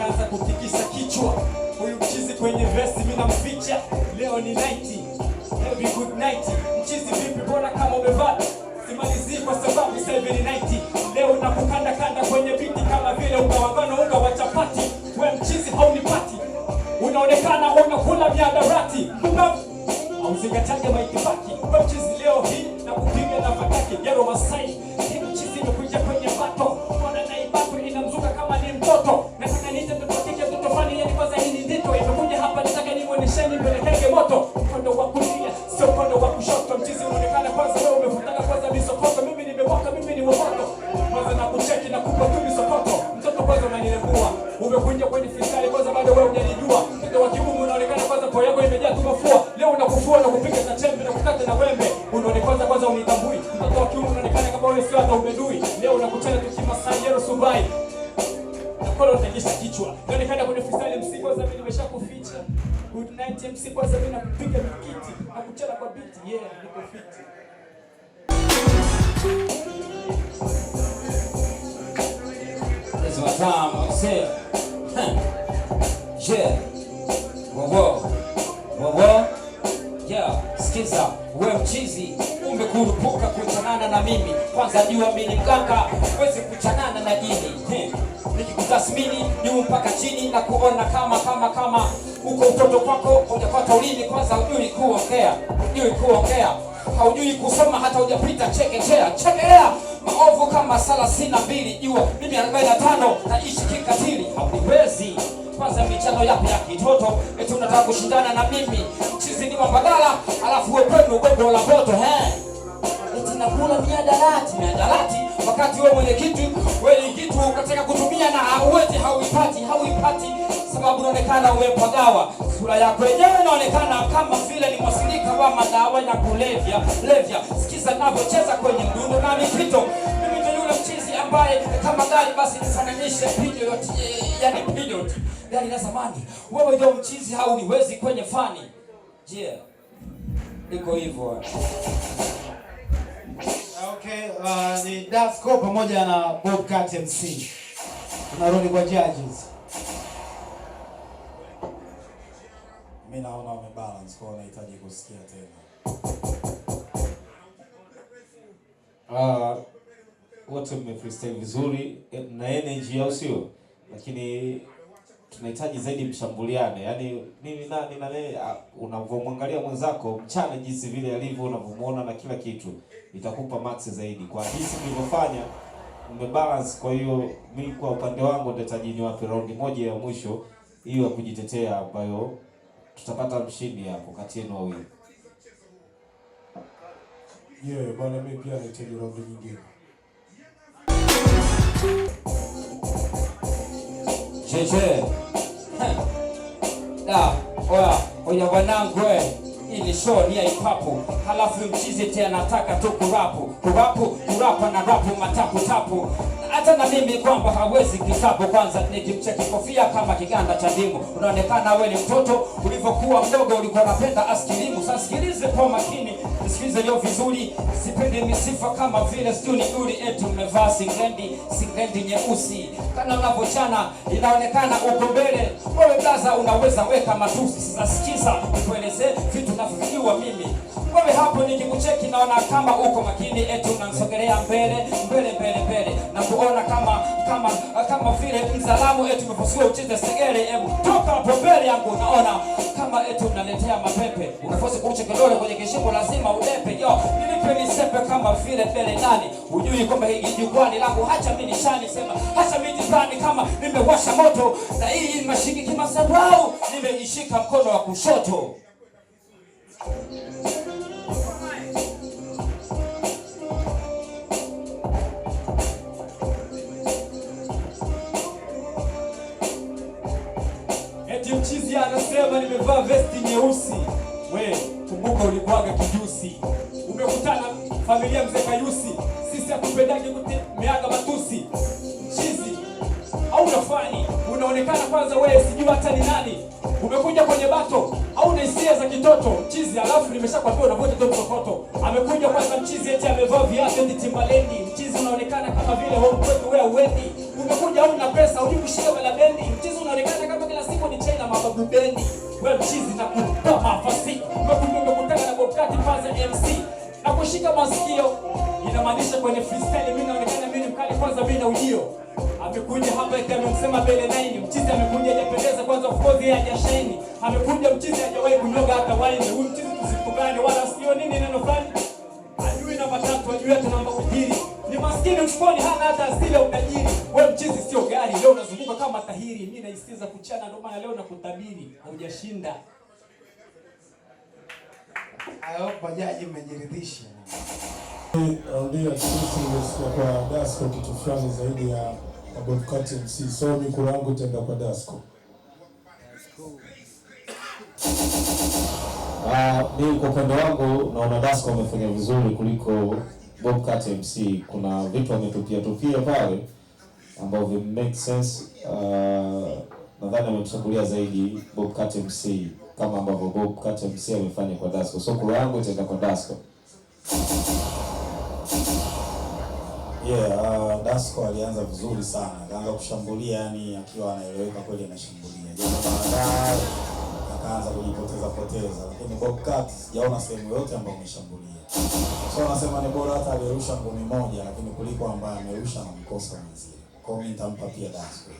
Akaanza kutikisa kichwa, huyu mchizi kwenye vesi minamficha. Leo ni night, Heavy good night unitambui, mtoto wa kiume unaonekana kama wewe sio hata umedui. Leo unakutana tukimasai yero subai nakolo utakisha kichwa, unaonekana kwenye freestyle MC, kwanza mimi nimeshakuficha. Good night MC, kwanza mimi nakupiga mkiti na kuchana kwa beat, yeah niko fiti Sikiza, we mchizi umekurupuka kuchanana na mimi. Kwanza jua mimi mganga, huwezi kuchanana na jini. Nikikutathmini juu mpaka chini na kuona kama kama kama uko utoto kwako hujapata ulimi. Kwanza hujui kuongea, hujui kuongea, haujui kusoma, hata hujapita chekechea. Chekea maovu kama thelathini na mbili, jua mimi arobaini na tano naishi kikatili, hauwezi mashindano yako ya kitoto, eti unataka kushindana na mimi, sisi ni mabadala, alafu wewe kwenu upepo la moto he, eti nakula miadarati miadarati, wakati wewe mwenye kitu wewe kitu ukataka kutumia na hauwezi, hauipati hauipati, sababu unaonekana umepagawa, sura yako yenyewe inaonekana kama vile ni mwasilika wa madawa na kulevya levya. Sikiza ninavyocheza kwenye mdundo na mipito mimi ndio yule mchizi ambaye kama gari basi nisananishe pigo yote, yani pigo gari la zamani, wewe ndio mchizi, hau niwezi kwenye fani. Je, yeah. Iko hivyo okay. Uh, ni Dasko pamoja na Bobcat MC, tunarudi kwa judges. Mimi naona wamebalance kwa wanahitaji kusikia tena. Ah, wote mmefreestyle vizuri na energy au sio? Lakini tunahitaji zaidi mshambuliane, yaani mimi na nani, unavyomwangalia mwenzako mchana jinsi vile alivyo, unavomuona na kila kitu, itakupa max zaidi kwa jinsi mlivyofanya mmebalance. Kwa hiyo mimi kwa upande wangu nitahitaji niwape round moja ya mwisho hiyo ya kujitetea, ambayo tutapata mshindi hapo kati yenu wawili. Yeah, bwana mimi pia nitahitaji round nyingine. Niche. Da, ah, oya, oya wanangu ili show ni ipapo. halafu mchizi tena nataka tu kurapu, kurapu, kurapa na rapu matapu tapu hata na mimi kwamba hawezi kisabu. Kwanza nikimcheki kofia kama kiganda cha ndimu, unaonekana wewe ni mtoto. Ulivyokuwa mdogo ulikuwa unapenda askilimu. Sasa sikilize kwa makini, sikilize leo vizuri. Sipendi misifa kama vile stuni uli etu mmevaa singendi singlendi nyeusi kana unavyochana inaonekana uko mbele. Wewe blaza unaweza weka matusi. Sasa sikiza nikuelezee vitu navyojua mimi wewe hapo nikikucheki naona kama uko makini, eti unansogelea mbele mbele mbele mbele na kuona kama kama kama vile mzalamu, eti umeposua ucheze segere. Hebu toka hapo mbele yangu, naona kama eti unaletea mapepe, unafosi kuche kidole kwenye kishimo, lazima ulepe. Yo nilipe nisepe kama vile mbele nani, hujui kwamba hii jukwani langu, hacha mimi nishani sema, hacha mimi jipani kama nimewasha moto, na hii mashiki kimasadau nimeishika mkono wa kushoto umevaa vesti nyeusi, we kumbuka ulikuwaga kijusi. Umekutana familia mzee Kayusi, sisi hatupendaje kutemeaga matusi chizi au nafani. Unaonekana kwanza wewe, sijui hata ni nani. Umekuja kwenye bato au na hisia za kitoto mchizi, alafu nimeshakwambia unavoja tu mtokoto. Amekuja kwanza mchizi eti amevaa viatu eti Timberland. Mchizi unaonekana kama vile wewe uwendi Cheese zinakupa mafasi umekutana na Bobcat Paze MC na kushika masikio, inamaanisha kwenye freestyle mimi naonekana mimi mkali. Kwanza mimi na ujio amekuja hapa eti amemsema Bele Nine, mchizi amekuja hajapendeza kwanza, of course yeye amekuja mchizi hajawahi kunyoga hata wine. Huyu mchizi tusifukane wala sio nini neno fulani, ajui namba tatu, ajui hata namba mbili ni maskini mfukoni, hana hata asili ya utajiri. Wewe mchizi sio gari, leo unazunguka kama tahiri. Mimi naisikiza kuchana, ndio maana leo nakutabiri haujashinda. Hayo bajaji mmejiridhisha. Ndio sisi uh, kwa Dasco kitu fulani zaidi ya Bobcat MC. So miko yangu itaenda kwa Dasco. Ah, mimi kwa upande wangu naona Dasco amefanya vizuri kuliko Bobcat MC kuna vitu ametupia tupia pale ambao make sense. Uh, nadhani ametuchakulia zaidi Bobcat MC kama ambavyo Bobcat MC amefanya kwa Dasco, so kura yangu itaenda kwa Dasco. Yeah, uh, Dasco alianza vizuri sana, akaanza kushambulia, yani akiwa anaeleweka kweli anashambulia anaanza kujipoteza poteza, lakini Bobcat sijaona sehemu yote ambayo umeshambulia. So anasema ni bora hata alirusha ngumi moja, lakini kuliko ambaye amerusha na mkosa mwenzie. Kwa hiyo nitampa pia daswe.